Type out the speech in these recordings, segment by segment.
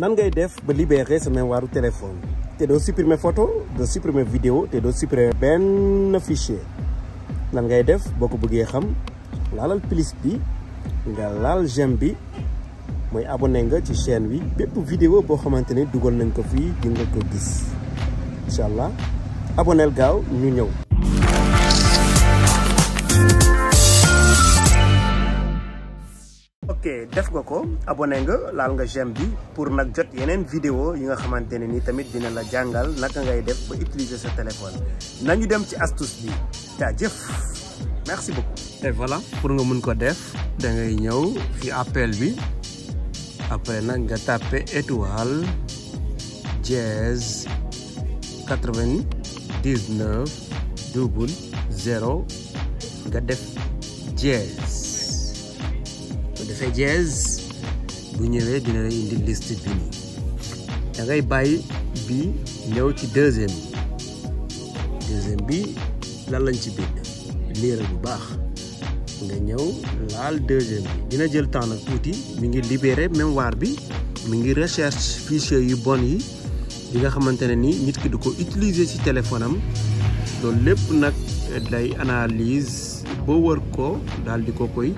nan ngay def ba libérer sa waaru téléphone te doo supprimer photo doo supprimer vidéo te doo supprimer benn fichier nan ngay def boo ko bëggee xam laalal plus bi nga laal j'aime bi mooy abonné nga ci chaîne bi bépp vidéo boo xamante ne dugal nañ ko fii di nga ko gis incha allah aboneel gaaw ñu ñëw fekkee def nga ko abone nga laal nga j'aime bi pour nag jot yeneen vidéo yi nga xamante ne ni tamit dina la jàngal naka ngay def ba utiliser sa téléphone nañu dem ci astuce bi jaajëf merci beaucoup. et voilà pour nga mun ko def da ngay ñëw fi appel bi après nag nga tapé étoile dièse quatre nga def dièse. dafay jeez bu ñëwee dina lay indi liste bi nii da bàyyi bii ñëw ci deuxième bi deuxième bi lan lañ ci liiral bu baax nga ñëw laal deuxième bi dina jël temps nag tuuti mi ngi libéré mémoire bi mu ngi recherche fichier yu bon yi yi nga xamante ne ni nit ki du ko utiliser ci téléphone loolu lépp nag day analyse ba wër ko daal di ko koy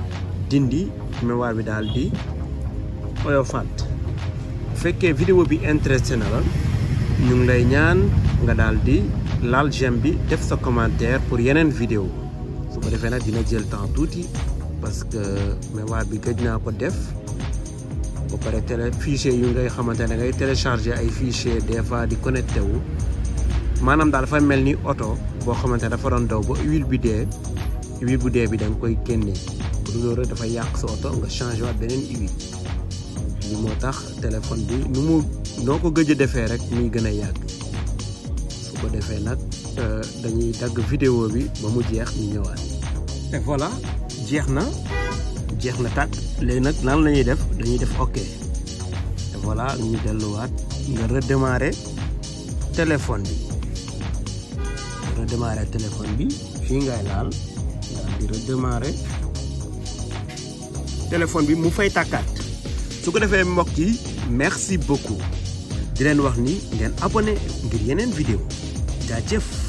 dindi mémoire bi daal di oyofant bu fekkee vidéo bi intéressé na la ñu ngi lay ñaan nga daal di laal j'aime bi def sa commentaire pour yeneen vidéo su ko defee nag dina jël temps tuuti parce que mémoire bi gëj naa ko def ba pare télé fichier yu ngay xamante ne ngay télécharger ay fichier des fois di connecté wu maanaam daal dafa mel ni oto boo xamante ne dafa doon daw ba huile bu dee huile bu dee bi da koy génnee bu dafay yàq sa oto nga changé waat beneen huile li moo tax téléphone bi nu noo ko gëj defee rek muy gën a yàgg su ko defee nag euh, dañuy dagg vidéo bi ba mu jeex ñu ñëwaat. te voilà jeex na jeex na tàkk léegi nag nan la def dañuy def ok te voilà ñu delluwaat nga redémarrer téléphone bi redémarrer téléphone bi fii ngay laal daal di redémarrer. téléphone bi mu fay tàkkaat su ko defee mbokk yi merci beaucoup di leen wax ni ngeen aboné ngir yeneen vidéo jëf